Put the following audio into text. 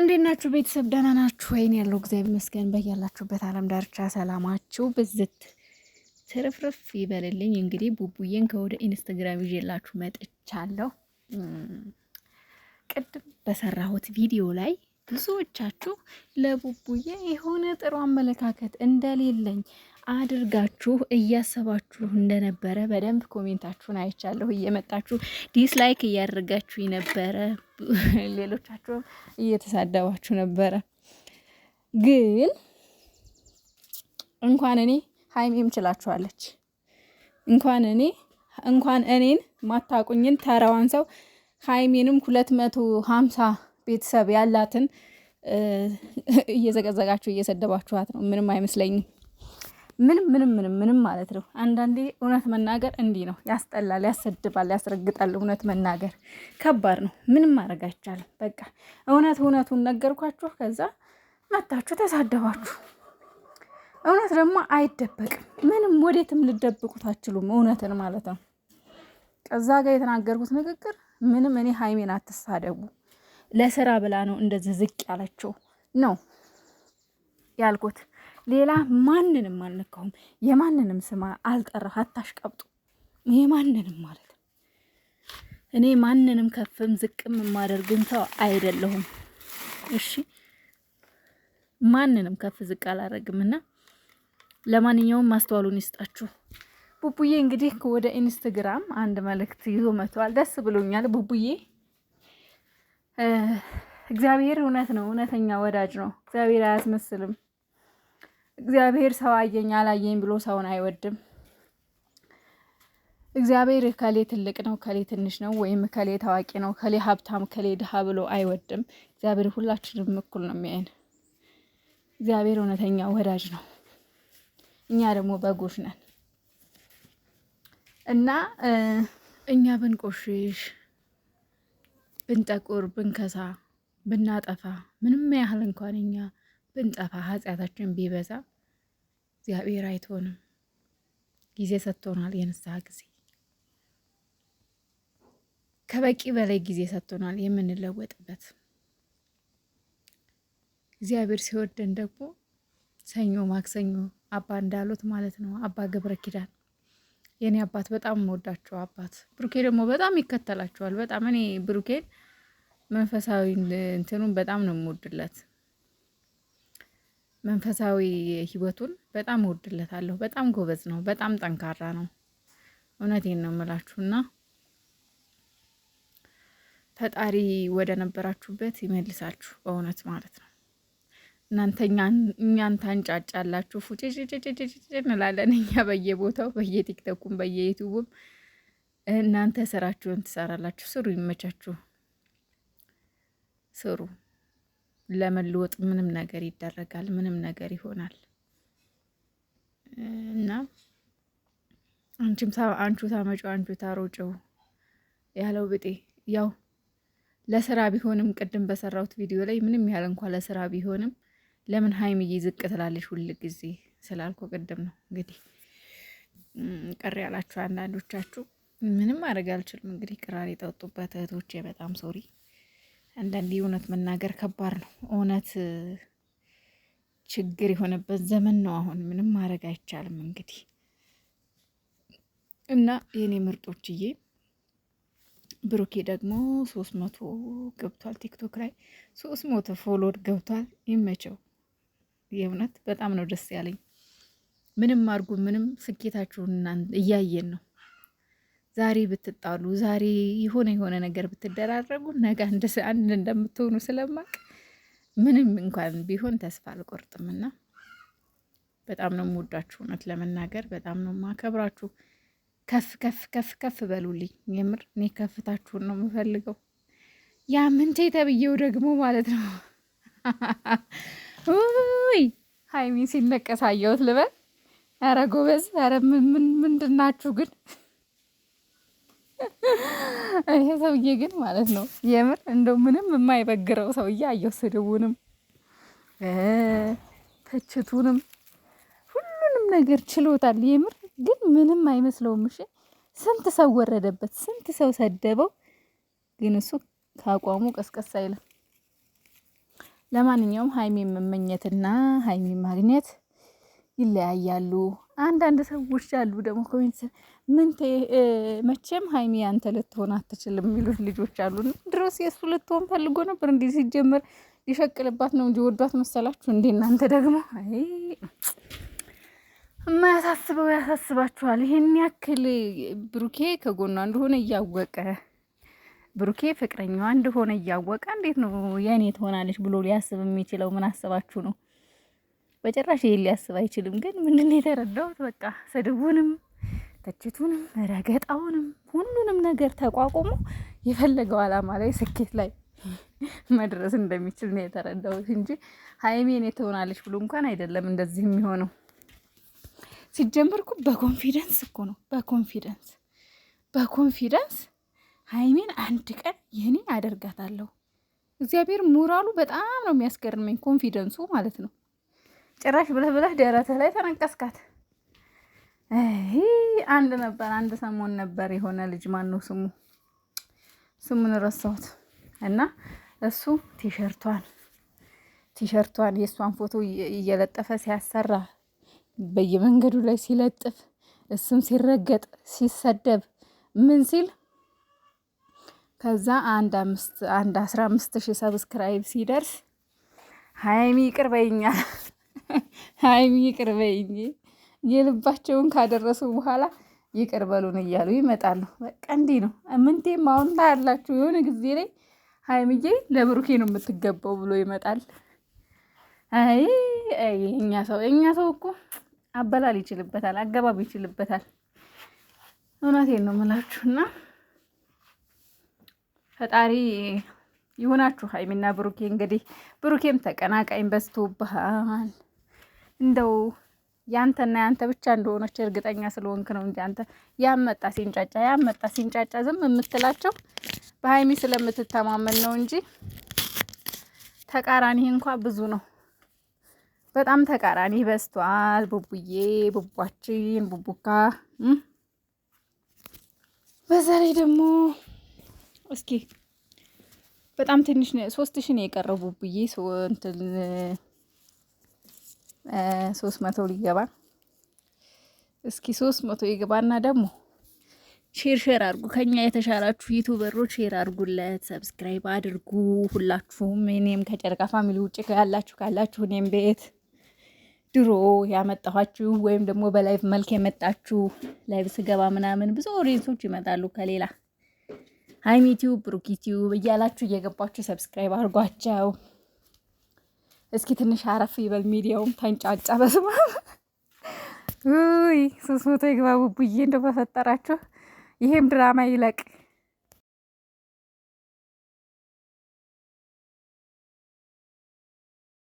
እንዴት ናችሁ ቤተሰብ? ደህና ናችሁ ወይን? ያለው እግዚአብሔር ይመስገን። በያላችሁበት አለም ዳርቻ ሰላማችሁ ብዝት ትርፍርፍ ይበልልኝ። እንግዲህ ቡቡዬን ከወደ ኢንስታግራም ይዤላችሁ መጥቻለሁ። ቅድም በሰራሁት ቪዲዮ ላይ ብዙዎቻችሁ ለቡቡዬ የሆነ ጥሩ አመለካከት እንደሌለኝ አድርጋችሁ እያሰባችሁ እንደነበረ በደንብ ኮሜንታችሁን አይቻለሁ። እየመጣችሁ ዲስላይክ እያደረጋችሁ ነበረ፣ ሌሎቻችሁ እየተሳደባችሁ ነበረ። ግን እንኳን እኔ ሀይሜም ችላችኋለች። እንኳን እኔ እንኳን እኔን ማታቁኝን ተራዋን ሰው ሀይሜንም ሁለት መቶ ሀምሳ ቤተሰብ ያላትን እየዘቀዘቃችሁ እየሰደባችኋት ነው። ምንም አይመስለኝም። ምንም ምንም ምንም ምንም ማለት ነው። አንዳንዴ እውነት መናገር እንዲህ ነው፣ ያስጠላል፣ ያሰድባል፣ ያስረግጣል። እውነት መናገር ከባድ ነው። ምንም ማድረግ አይቻልም። በቃ እውነት እውነቱን ነገርኳችሁ፣ ከዛ መታችሁ ተሳደባችሁ። እውነት ደግሞ አይደበቅም። ምንም ወዴትም ልደብቁት አትችሉም፣ እውነትን ማለት ነው። ከዛ ጋር የተናገርኩት ንግግር ምንም እኔ ሀይሜን አትሳደቡ፣ ለስራ ብላ ነው እንደዚህ ዝቅ ያለችው ነው ያልኩት። ሌላ ማንንም አልነካሁም። የማንንም ስም አልጠራሁ። አታሽቀብጡ። የማንንም ማለት ነው። እኔ ማንንም ከፍም ዝቅም የማደርግን ሰው አይደለሁም። እሺ ማንንም ከፍ ዝቅ አላደርግም እና ለማንኛውም ማስተዋሉን ይስጣችሁ። ቡቡዬ እንግዲህ ወደ ኢንስትግራም አንድ መልእክት ይዞ መጥቷል። ደስ ብሎኛል ቡቡዬ። እግዚአብሔር እውነት ነው፣ እውነተኛ ወዳጅ ነው። እግዚአብሔር አያስመስልም። እግዚአብሔር ሰው አየኝ አላየኝ ብሎ ሰውን አይወድም። እግዚአብሔር እከሌ ትልቅ ነው እከሌ ትንሽ ነው ወይም እከሌ ታዋቂ ነው እከሌ ሀብታም እከሌ ድሃ ብሎ አይወድም። እግዚአብሔር ሁላችንም እኩል ነው የሚያይን። እግዚአብሔር እውነተኛ ወዳጅ ነው፣ እኛ ደግሞ በጎች ነን እና እኛ ብንቆሽሽ፣ ብንጠቁር፣ ብንከሳ፣ ብናጠፋ ምንም ያህል እንኳን እኛ ብንጠፋ ኃጢአታችን ቢበዛ እግዚአብሔር አይቶንም ጊዜ ሰጥቶናል። የንስሐ ጊዜ ከበቂ በላይ ጊዜ ሰጥቶናል የምንለወጥበት። እግዚአብሔር ሲወደን ደግሞ ሰኞ፣ ማክሰኞ አባ እንዳሉት ማለት ነው። አባ ገብረ ኪዳን የኔ አባት በጣም ወዳቸው አባት፣ ብሩኬ ደግሞ በጣም ይከተላቸዋል። በጣም እኔ ብሩኬን መንፈሳዊ እንትኑን በጣም ነው የምወድለት። መንፈሳዊ ህይወቱን በጣም እወድለታለሁ። በጣም ጎበዝ ነው። በጣም ጠንካራ ነው። እውነቴን ነው የምላችሁና ፈጣሪ ወደ ነበራችሁበት ይመልሳችሁ። በእውነት ማለት ነው። እናንተ እኛን ታንጫጫላችሁ፣ ፉጭጭጭጭጭ እንላለን እኛ በየቦታው በየቲክቶኩም በየዩቱቡም። እናንተ ስራችሁን ትሰራላችሁ። ስሩ፣ ይመቻችሁ፣ ስሩ። ለመለወጥ ምንም ነገር ይደረጋል፣ ምንም ነገር ይሆናል። እና አንቺም አንቹ ታመጪው አንቹ ታሮጨው ያለው ብጤ ያው ለስራ ቢሆንም ቅድም በሰራሁት ቪዲዮ ላይ ምንም ያህል እንኳ ለስራ ቢሆንም ለምን ሀይምዬ ዝቅ ትላለች ሁል ጊዜ ስላልኩ ቅድም ነው እንግዲህ ቅር ያላችሁ አንዳንዶቻችሁ ምንም ማድረግ አልችልም። እንግዲህ ቅራሪ ጠጡበት እህቶቼ በጣም ሶሪ። አንዳንዴ እውነት መናገር ከባድ ነው። እውነት ችግር የሆነበት ዘመን ነው አሁን። ምንም ማድረግ አይቻልም እንግዲህ እና የኔ ምርጦችዬ ብሩኬ ደግሞ ሶስት መቶ ገብቷል ቲክቶክ ላይ ሶስት መቶ ፎሎድ ገብቷል። ይመቸው። የእውነት በጣም ነው ደስ ያለኝ። ምንም አድርጉ ምንም ስኬታችሁን እያየን ነው። ዛሬ ብትጣሉ፣ ዛሬ የሆነ የሆነ ነገር ብትደራረጉ ነገ አንድ እንደምትሆኑ ስለማቅ ምንም እንኳን ቢሆን ተስፋ አልቆርጥምና በጣም ነው የምወዳችሁ። እውነት ለመናገር በጣም ነው ማከብራችሁ። ከፍ ከፍ ከፍ ከፍ በሉልኝ። የምር እኔ ከፍታችሁን ነው የምፈልገው። ያ ምንቴ ተብዬው ደግሞ ማለት ነው ውይ ሀይሚን ሲነቀሳየሁት ልበል። ኧረ ጎበዝ! ኧረ ምንድናችሁ ግን ይሄ ሰውዬ ግን ማለት ነው የምር እንደው ምንም የማይበግረው ሰውዬ አየው። ስድቡንም ተችቱንም ሁሉንም ነገር ችሎታል። የምር ግን ምንም አይመስለውም። እሺ ስንት ሰው ወረደበት፣ ስንት ሰው ሰደበው፣ ግን እሱ ከአቋሙ ቀስቀስ አይልም። ለማንኛውም ሀይሜ መመኘትና ሀይሚ ማግኘት ይለያያሉ። አንዳንድ ሰዎች አሉ ደግሞ ኮሜንት ምን መቼም ሀይሚ አንተ ልትሆን አትችልም የሚሉት ልጆች አሉ። ድረስ የእሱ ልትሆን ፈልጎ ነበር። እንዲህ ሲጀመር ሊሸቅልባት ነው እንጂ ወዷት መሰላችሁ እንዴ? እናንተ ደግሞ የማያሳስበው ያሳስባችኋል። ይሄን ያክል ብሩኬ ከጎኗ እንደሆነ እያወቀ ብሩኬ ፍቅረኛዋ እንደሆነ እያወቀ እንዴት ነው የእኔ ትሆናለች ብሎ ሊያስብ የሚችለው? ምን አስባችሁ ነው? በጭራሽ ይሄን ሊያስብ አይችልም። ግን ምንድን የተረዳውት የተረዳሁት፣ በቃ ስድቡንም ትችቱንም ረገጣውንም ሁሉንም ነገር ተቋቁሞ የፈለገው አላማ ላይ ስኬት ላይ መድረስ እንደሚችል ነው የተረዳሁት እንጂ ሀይሜን እኔ ትሆናለች ብሎ እንኳን አይደለም እንደዚህ የሚሆነው። ሲጀምር እኮ በኮንፊደንስ እኮ ነው በኮንፊደንስ በኮንፊደንስ ሀይሜን አንድ ቀን የኔ አደርጋታለሁ። እግዚአብሔር ሙራሉ በጣም ነው የሚያስገርመኝ፣ ኮንፊደንሱ ማለት ነው። ጭራሽ ብለህ ብለህ ደረትህ ላይ ተነቀስካት። አንድ ነበር አንድ ሰሞን ነበር የሆነ ልጅ ማን ነው ስሙ ስሙን ረሳሁት። እና እሱ ቲሸርቷን ቲሸርቷን የእሷን ፎቶ እየለጠፈ ሲያሰራ በየመንገዱ ላይ ሲለጥፍ እሱም ሲረገጥ ሲሰደብ ምን ሲል ከዛ አንድ አምስት አንድ አስራ አምስት ሺህ ሰብስክራይብ ሲደርስ ሀይሚ ይቅር በይኛል ሀይሚ ይቅር በይኝ የልባቸውን ካደረሱ በኋላ ይቅር በሉን እያሉ ይመጣሉ። በቃ እንዲህ ነው። ምንቴም አሁን ታያላችሁ የሆነ ጊዜ ላይ ሀይምዬ ለብሩኬ ነው የምትገባው ብሎ ይመጣል። አይ እኛ ሰው እኛ ሰው እኮ አበላል ይችልበታል፣ አገባብ ይችልበታል። እውነቴን ነው የምላችሁና ፈጣሪ ይሆናችሁ ሀይሚና ብሩኬ። እንግዲህ ብሩኬም ተቀናቃኝ በዝቶብሃል እንደው ያንተና ያንተ ብቻ እንደሆነች እርግጠኛ ስለሆንክ ነው እንጂ አንተ ያመጣ ሲንጫጫ ያመጣ ሲንጫጫ ዝም የምትላቸው በሀይሚ ስለምትተማመን ነው እንጂ ተቃራኒህ እንኳ ብዙ ነው። በጣም ተቃራኒ በስቷል። ቡቡዬ ቡቧችን ቡቡካ በዛ ደግሞ እስኪ በጣም ትንሽ ሶስት ሺህ ነው የቀረው ቡቡዬ እንትን ሶስት መቶ ሊገባ እስኪ ሶስት መቶ ይገባና ደግሞ ሼር ሼር አድርጉ። ከኛ የተሻላችሁ ዩቱበሮች ሼር አድርጉለት፣ ሰብስክራይብ አድርጉ። ሁላችሁም እኔም ከጨረቃ ፋሚሊ ውጭ ያላችሁ ካላችሁ እኔም ቤት ድሮ ያመጣኋችሁ ወይም ደግሞ በላይቭ መልክ የመጣችሁ ላይቭ ስገባ ምናምን ብዙ ኦዲየንሶች ይመጣሉ ከሌላ ሀይሚ ቲዩብ ብሩክ እያላችሁ እየገባችሁ ሰብስክራይብ አድርጓቸው። እስኪ ትንሽ አረፍ ይበል ሚዲያውም ተንጫጫ። በስማ ይ ሶስት መቶ ይግባ ብዬ እንደው በፈጠራችሁ ይሄም ድራማ ይለቅ።